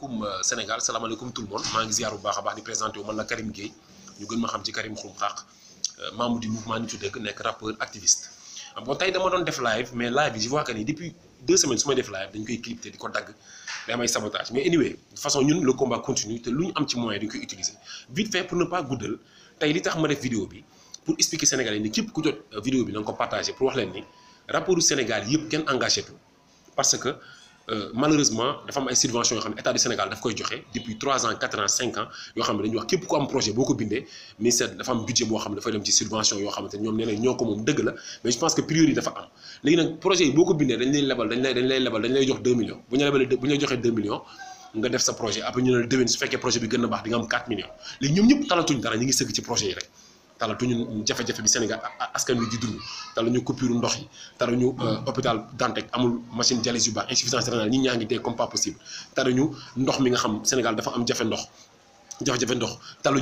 salaamaaleykum euh, Sénégal salam salaamaaleykum tout le monde maa ngi ziar bu baax a baax di présenté wu man Karim Gueye ñu gën xam ci Karim Xurum membre du mouvement Nittu Dëgg nekk rappeur activiste. Ah, bon tey dama doon def live mais live bi je vois que depuis deux semaines su may def live dañ koy clipté di ko dagg day may sabotage mais anyway de façon ñun le combat continue te lu ñu am ci moyen dañ koy utiliser. vite fait pour ne pas goudel, tey li tax ma def vidéo bi pour expliquer Sénégalais yi ni képp ku jot euh, vidéo bi na ko partagé pour wax leen ni du Sénégal yëpp kenn engagé tu parce que. Euh, malheureusement dafa am ay subventions yo xamné état du Sénégal daf koy joxé depuis 3 ans 4 ans 5 ans yo xamné ne wax képp ko am projet boko bindé ministère dafa am budget bo xamné ne dafay dem ci subvention yo xamné ñom néna ñoko mom dëgg la mais je pense que priorité dafa am légui nak projet yi boo ko dañ lay label dañ lay dañ lay lebal dañ lay jox 2 millions bu ñu label bu ñu lay joxee 2 millions nga def sa projet après ñu ne la déwén su fekkee projet bi gën na baax di nga am 4 millions léegi ñom ñëpp talatuñ dara ñi ngi sëgg ci projet yi rek talatuñu jafe-jafe bi Sénégal askan wi di dund ñu coupure ndox yi ñu euh, hôpital Dantec amul machine dialyse yu baax insuffisance rénale ñi ñaa ngi dee comme pas possible taluñu ndox mi nga xam Sénégal dafa am jafe ndox jafe-jafe ndox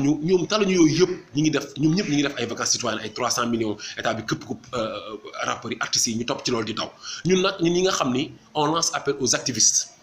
ñu ñoom ñu yooyu yëpp ñu ngi def ñoom ñëpp ñu ngi def ay vacances citoyennes ay 300 millions état bi këpp këpp euh, euh, rappeurs yi artistes yi ñu topp ci loolu di daw ñun nag ñun ñi nga xam ni on lance appel aux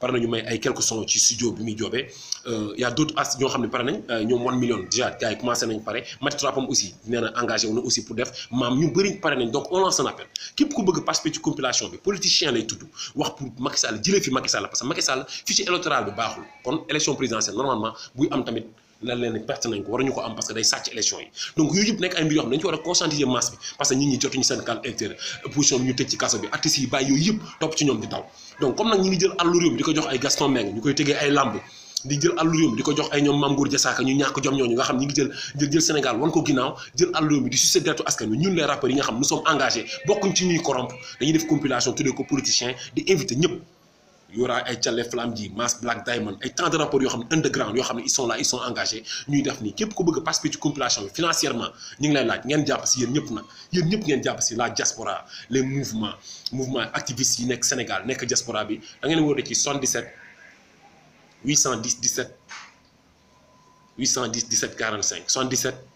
par nañu may ay quelques sons ci studio bi muy il euh, y' a d'autres as ñoo xamné ne pare nañ euh, ñoom 1 million déjà gars yi commencé nañ pare Mati Trapam aussi néna engagé wu na aussi pour def mam ñu bëriñ paré nañ donc on lance un appel képp ku bëgg participer ci compilation bi politicien lay tudd wax pour Macky Sall jëlee fi Macky Sall parce que Macky Sall fichier électoral bi baaxul kon élection présidentielle normalement buy am tamit lan leen perte nañ ko waruñu ko am parce que day sàcc élection yi donc yooyu yëpp nekk ay mbir yoo xam dañ ci war a conscientiser masse bi parce que nit ñi jotuñu seen carte électorale position ñu tëj ci kaso bi artistes yi bàyyi yooyu yëpp topp ci ñoom di dal donc comme nag ñu ngi jël àllu réew mi di ko jox ay Gaston meng ñu koy tëgee ay lamb di jël àllu réew mi di ko jox ay ñoom Mame Goor Diazaka ñu ñàkk jom ñooñu nga xam ñi ngi jël jël jël Sénégal wan ko ginnaaw jël àllu réew mi di sucé deretu askan bi ñun les rappeurs yi nga xam nous sommes engagés bokkuñ ci ñuy corrompre dañuy def compilation tuddee ko politicien di invité ñëpp y aura ay les flammes ji Mass Black Diamond ay tant de rapports yo xam underground yo ils sont là ils sont engagés ñuy def ni képp ko bëgg a participer ci compilation financièrement ñu ngi lay laaj ngeen japp ci yeen ñëpp na. Yeen ñëpp ngeen japp ci la diaspora les mouvements mouvements activistes yi nek Sénégal nek diaspora bi da ngeen woote ci 77 810 17 810 17 45 77.